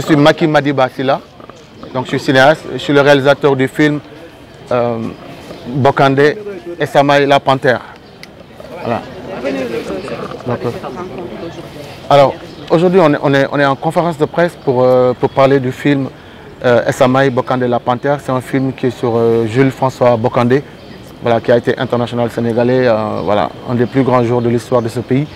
Je suis Maki Madiba Silla, donc je suis cinéaste, je suis le réalisateur du film euh, Bokande et la Panthère. Euh, alors, aujourd'hui, on est, en conférence de presse pour, euh, parler du film euh, Samaï Bokande la Panthère. C'est un film qui est sur Jules François Bokande, voilà, qui a été international sénégalais, voilà, un des plus grands jours de l'histoire de ce pays.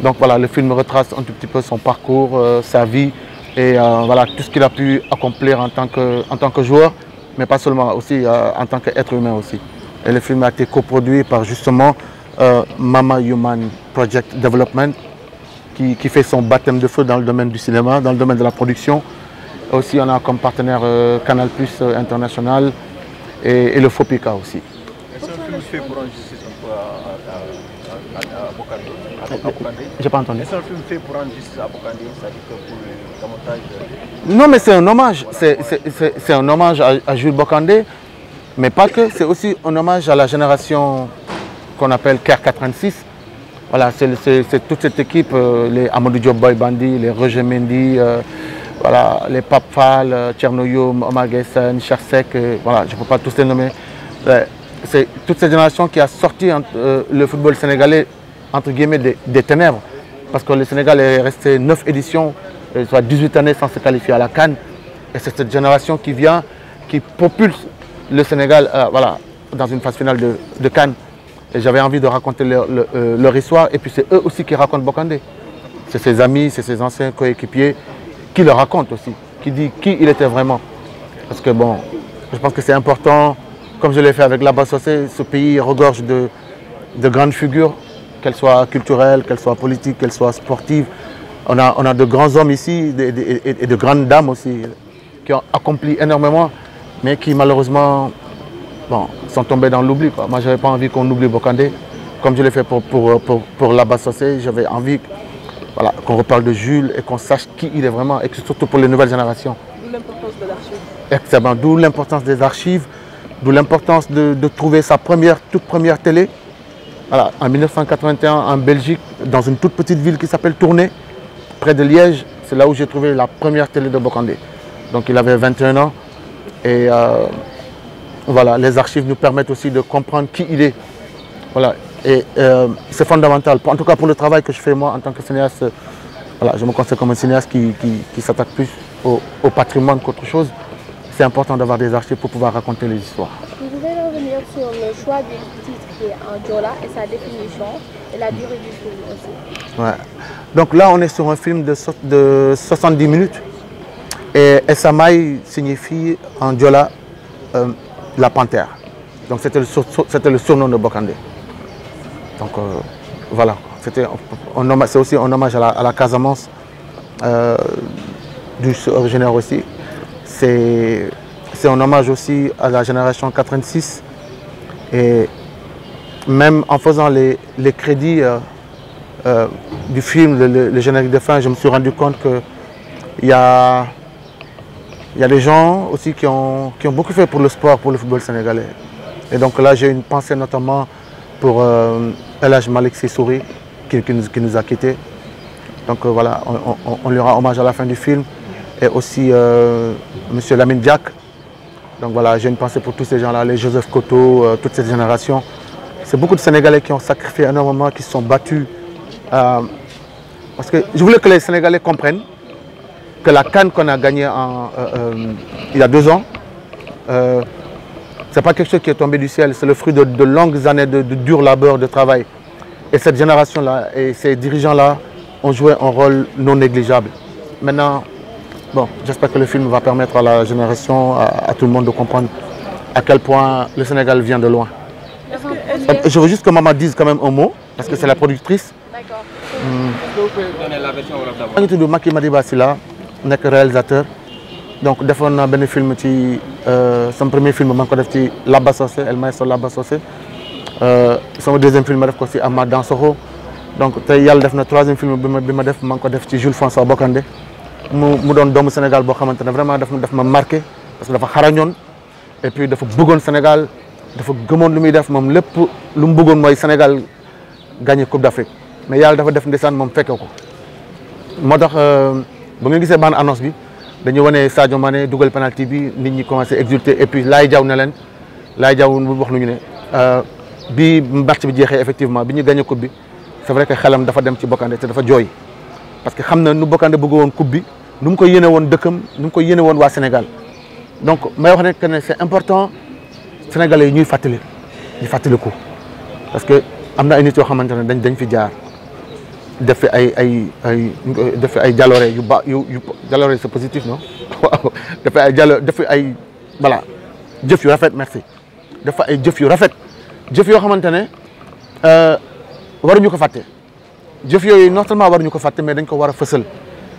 Donc voilà, le film retrace un tout petit peu son parcours, sa vie, et euh, voilà tout ce qu'il a pu accomplir en tant que, en tant que joueur, mais pas seulement, aussi euh, en tant qu'être humain aussi. Et le film a été coproduit par justement euh, Mama Human Project Development, qui, fait son baptême de feu dans le domaine du cinéma, dans le domaine de la production. Aussi, on a comme partenaire Canal Plus International et, le le FOPICA aussi à Bokandé. J'ai pas entendu. un film fait pour rendre à Bokandé, c'est-à-dire pour le euh, Non, mais c'est un hommage. C'est un hommage à, Jules Bokandé, mais pas que. C'est aussi un hommage à la génération qu'on appelle kr 86. Voilà, c'est toute cette équipe, euh, les Amadou Diop Boy Bandi, les Roger Mendy, euh, voilà, les Papfal, Tchernoyoum, Omar Gessen, voilà, je ne peux pas tous les nommer c'est toute cette génération qui a sorti euh, le football sénégalais entre guillemets des, ténèbres. Parce que le Sénégal est resté 9 éditions, euh, soit 18 années sans se qualifier à la Cannes. Et c'est cette génération qui vient, qui propulse le Sénégal euh, voilà, dans une phase finale de, Cannes. Et j'avais envie de raconter leur, histoire. Et puis c'est eux aussi qui racontent Bokandé. C'est ses amis, c'est ses anciens coéquipiers qui le racontent aussi, qui disent qui il était vraiment. Parce que bon, je pense que c'est important comme je l'ai fait avec l'Abbassocé, ce pays regorge de, de grandes figures, qu'elles soient culturelles, qu'elles soient politiques, qu'elles soient sportives. On a, on a de grands hommes ici et de, grandes dames aussi qui ont accompli énormément, mais qui malheureusement bon, sont tombés dans l'oubli. Moi, je n'avais pas envie qu'on oublie Bokandé, comme je l'ai fait pour, pour, pour, pour J'avais envie voilà, qu'on reparle de Jules et qu'on sache qui il est vraiment, et que surtout pour les nouvelles générations. D'où l'importance de l'archive. Exactement, d'où l'importance des archives, D'où l'importance de, trouver sa première, toute première télé. Voilà, en 1981, en Belgique, dans une toute petite ville qui s'appelle Tournai, près de Liège, c'est là où j'ai trouvé la première télé de Bocandé. Donc il avait 21 ans. Et euh, voilà, les archives nous permettent aussi de comprendre qui il est. Voilà, et euh, c'est fondamental, en tout cas pour le travail que je fais moi en tant que cinéaste. Voilà, je me considère comme un cinéaste qui, s'attaque plus au patrimoine qu'autre chose c'est important d'avoir des archives pour pouvoir raconter les histoires. Vous voudrais revenir sur le choix du titre qui est et sa définition et la durée du film aussi. Ouais. Donc là, on est sur un film de, 70 minutes. Et Essamay signifie Andiola euh, la panthère. Donc c'était le, surnom de Bokande. Donc euh, voilà, c'est aussi un hommage à la, Casamance euh, du originaire aussi c'est un hommage aussi à la génération 86. Et même en faisant les, crédits euh, euh, du film, le, générique de fin, je me suis rendu compte qu'il y a, y a des gens aussi qui ont, qui ont beaucoup fait pour le sport, pour le football sénégalais. Et donc là, j'ai une pensée notamment pour euh, LH Malik Sissouri, qui, nous, a quittés. Donc voilà, on, on, lui rend hommage à la fin du film et aussi euh, M. Lamine Diak. Donc voilà, j'ai une pensée pour tous ces gens-là, les Joseph Koto, euh, toute cette génération. C'est beaucoup de Sénégalais qui ont sacrifié énormément, qui se sont battus. Euh, parce que je voulais que les Sénégalais comprennent que la canne qu'on a gagnée euh, il y a deux ans, ce n'est pas quelque chose qui est tombé du ciel, c'est le fruit de, longues années de, de, dur labeur, de travail. Et cette génération-là et ces dirigeants-là ont joué un rôle non négligeable. Maintenant, Bon, j'espère que le film va permettre à la génération, à, tout le monde de comprendre à quel point le Sénégal vient de loin. Euh, je veux juste que maman dise quand même un mot, parce que c'est la productrice. D'accord. maa je tudd Macky Madiba Sylla réalisateur donc a fait un film ci euh, son premier film ma ngi ko def ci Laba Socé El Maestro Laba Euh, Son deuxième film ma def ko ci Amath Dansokho donc tey yàlla def troisième film bi ma bi ma def Jules François Bocandé mu mu doon doomu Sénégal boo xamante ne vraiment daf daf ma marqué parce que dafa xarañoon et puis dafa bëggoon Sénégal dafa gëmoon lu muy def moom lépp lu mu bëggoon mooy Sénégal gagné Coupe d'Afrique mais yàlla dafa def ndeysaan moom fekke ko moo tax euh, bu ngeen gisee bande annonce bi dañu wane Sadio Mané dugal penalty bi nit ñi commencé exulter et puis laay jaw ne leen laay jaw wax nañu ne euh, bi match bi jeexee effectivement bi ñu gagné coupe bi c'est vrai que xelam dafa dem ci Bokandé te dafa jooy parce que xam na nu Bokandé bëgg woon coupe bi nu ko yéene won dëkkam nu ko yéene won wa Sénégal donc may wax rek ne c'est important sénégalais ñuy fàttali ñu fàttaliku parce que amna na ay nit yoo xamante dañ dañ fi jaar def ay ay ay def ay jaloore yu yu yu jaloore c'est positif non waaw def ay jalo def ay voilà jëf yu rafet merci def ay jëf yu rafet jëf yoo xamante ne euh, waruñu ko faté jëf yoyu normalement seulement waruñu ko faté mais dañ ko wara a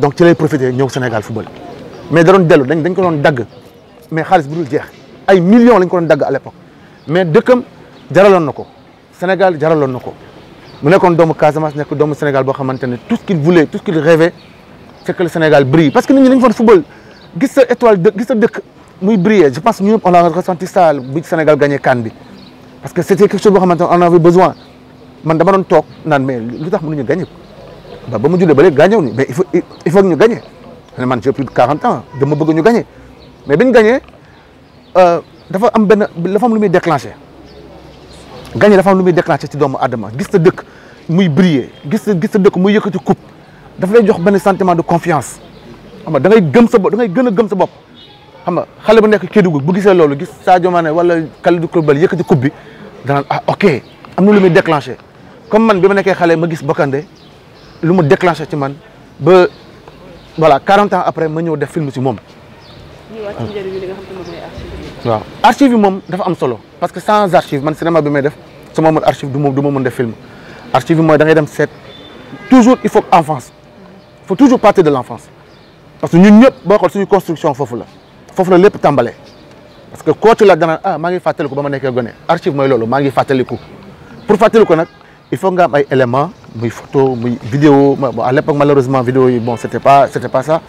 donc ci lay profité ñëw Sénégal football mais da doon dellu dañ dañ ko doon dagg mais xaalis bu dul jeex ay millions lañ ko doon dagg à l'époque mais dëkkam jaraloon na ko Sénégal jaraloon na ko mu nekkoon doomu Casamance nekk doomu Sénégal boo xamante ne tout ce qu'il voulait tout ce qu'il rêvait c'est que le Sénégal brille parce que nit ñi dañu foon football gis sa étoile gis sa dëkk muy briller je pense que ñun on a ressenti ça bu Sénégal gagner CAN bi parce que c'était quelque chose boo xamante ne on avait besoin man dama doon toog naan mais lu tax mënuñu gagné ndax ba mu jullee ba léegi gaañoo ñu mais il ñu gagné man j'ai plus de 40 ans dama bëgg ñu gagné mais bi ñu gagné euh, dafa am benn dafa am lu muy déclenché gagné dafa am lu muy déclenché ci doomu Adama gis sa dëkk muy briller gis sa gis sa dëkk muy yëkkati coupe dafa lay jox benn sentiment de confiance xam nga da ngay gëm sa bopp da ngay gën a gëm sa bopp xam nga xale bu nekk Kédougou bu gisee loolu gis Sadio Mané wala Kalidou Koulibaly yëkkati kub bi danaan ah ok am na lu muy déclenché comme man bi ma nekkee xale ma gis bokkande lu mu déclenché ci man ba voilà 40 ans après ma ñëw def film si moom. waaw archive yi moom dafa am solo parce que sans archive man cinéma bi may def su ma archive du ma du ma def film archive yi mooy da ngay dem seet toujours il faut enfance il faut toujours partir de l'enfance. parce que ñun ñëpp boo xool suñu construction foofu la foofu la lépp tàmbalee parce que koo tu la dana ah maa ngi fàttaliku ba ma nekkee gone archive mooy loolu maa ngi fàttaliku pour fàttaliku nag il faut nga am ay éléments mes photos, mes vidéos. à l'époque, malheureusement, vidéo, bon, c'était pas, c'était pas ça.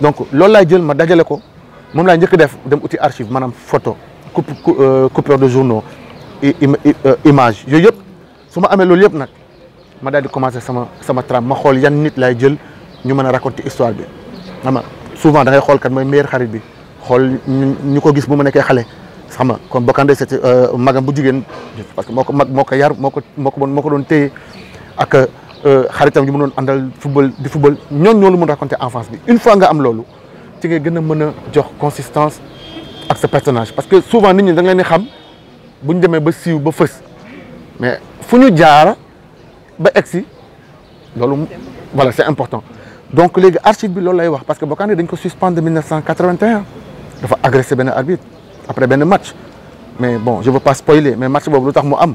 Donc, que je ma je ko. Mom la ñëk def dem outil archive manam photo, coupe, euh, de journaux et, euh, images. Je yep suma amé lool yep nak ma Je suis commencer sama sama trame ma xol yan nit lay ñu mëna raconter histoire bi. Ama souvent da ngay xol kan moy meilleur xarit bi. Xol je gis nekké xalé. Euh, magam bu parce que moko moko yar moko moko moko téyé ak euh, xaritam yi mënon andal football di football ñoo ñoo lu mën raconter enfance bi une fois nga am lolu ci nga gëna mëna jox consistance ak sa personnage parce que souvent nit ñi da nga leen di xam bu démé ba siiw ba fës mais fu ñu jaar ba exi lolu voilà c'est important donc les arbitres bi lolu lay wax parce que bokane dañ ko suspendre 1981 dafa agresser ben arbitre après ben match mais bon je veux pas spoiler mais match bobu lu tax mu am.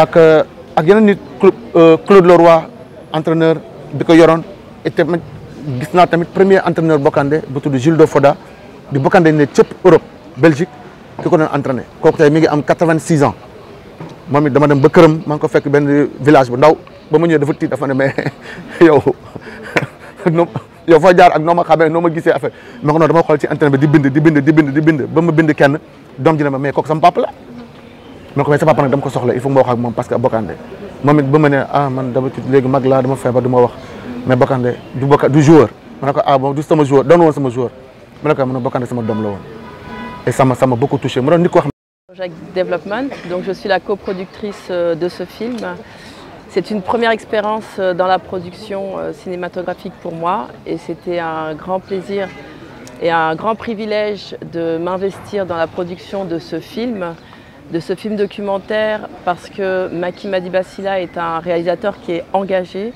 ak eh, ak yeneen nit club eh, Claude Leroy entraîneur bi ko yoroon et tamit gis naa tamit premier entraîneur Bokande bu tudd Jules de Foda di Bokande ne cëpp Europe Belgique ki ko doon entraîné kooku tey mi ngi am 86 ans moom it dama dem ba këram maa ko fekk benn village bu ndaw ba ma ñëwee dafa tiit dafa ne mais yow yo yow foo jaar ak noo ma xamee noo gisee affaire ma ko dama xool ci internet bi di bind di bind di bind di bind ba ma bind kenn doom ji ne ma mais kooku sama papa la ma ko mais sa papa nag dama ko soxla il faut ma wax ak parce que Bokande moom it ba ma ah man d'habitude léegi mag laa dama feebar du ma wax mais Bokande du Boka du joueur ma ne ko ah bon du sama joueur doon woon sama joueur ma ne ko ma ne Bokande sama doom la woon et sama sama beaucoup touché mu doon nit ko xam. projet développement donc je suis la coproductrice euh, de ce film. C'est une première expérience euh, dans la production euh, cinématographique pour moi et c'était un grand plaisir et un grand privilège de m'investir dans la production de ce film de ce film documentaire parce que Maki Madibasila est un réalisateur qui est engagé,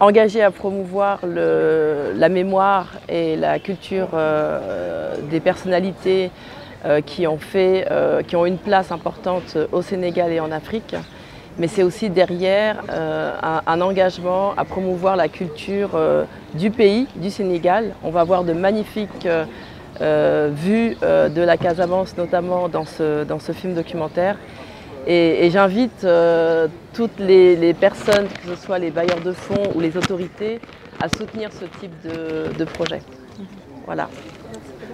engagé à promouvoir la mémoire et la culture euh, des personnalités euh, qui, ont fait, euh, qui ont une place importante au Sénégal et en Afrique. Mais c'est aussi derrière un, engagement à promouvoir la culture du pays, du Sénégal. On va voir de magnifiques euh, vu euh, de la Casamance notamment dans ce, dans ce film documentaire. Et, j'invite euh, toutes les, personnes, que ce soit les bailleurs de fonds ou les autorités, à soutenir ce type de, projet. Voilà.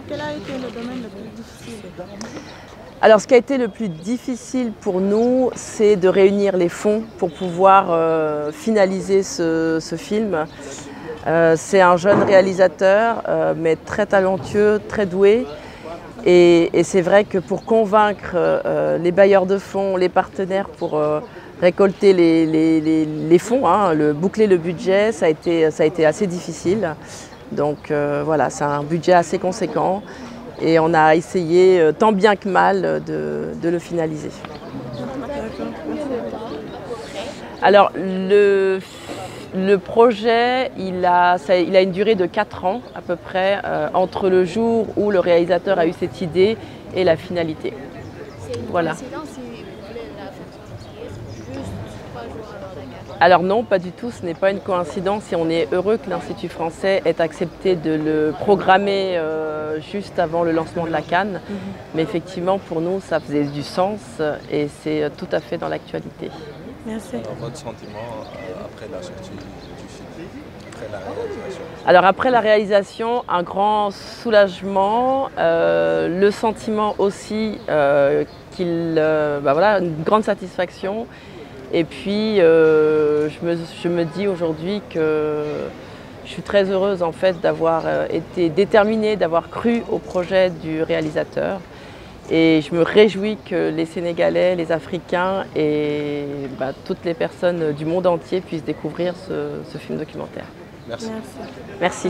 Quel a été le domaine le plus difficile alors ce qui a été le plus difficile pour nous, c'est de réunir les fonds pour pouvoir finaliser ce, ce film. Euh, c'est un jeune réalisateur, euh, mais très talentueux, très doué. Et, c'est vrai que pour convaincre euh, les bailleurs de fonds, les partenaires pour récolter les, fonds, hein, le, boucler le budget, ça a été, assez difficile. Donc voilà, c'est un budget assez conséquent et on a essayé tant bien que mal de, de le finaliser. Alors le le projet, il a, une durée de 4 ans à peu près, euh, entre le jour où le réalisateur a eu cette idée et la finalité. Une voilà. Alors non, pas du tout, ce n'est pas une coïncidence et on est heureux que l'Institut français ait accepté de le programmer euh, juste avant le lancement de la Cannes. Mhm. Mais effectivement, pour nous, ça faisait du sens et c'est euh, tout à fait dans l'actualité. Alors, votre sentiment euh, après la sortie du après la réalisation Alors après la réalisation, un grand soulagement, euh, le sentiment aussi euh, qu'il, bah voilà, une grande satisfaction. Et puis je me, je, me, dis aujourd'hui que je suis très heureuse en fait d'avoir été déterminée, d'avoir cru au projet du réalisateur. Et je me réjouis que les Sénégalais, les Africains et bah, toutes les personnes du monde entier puissent découvrir ce, film documentaire. Merci. Merci.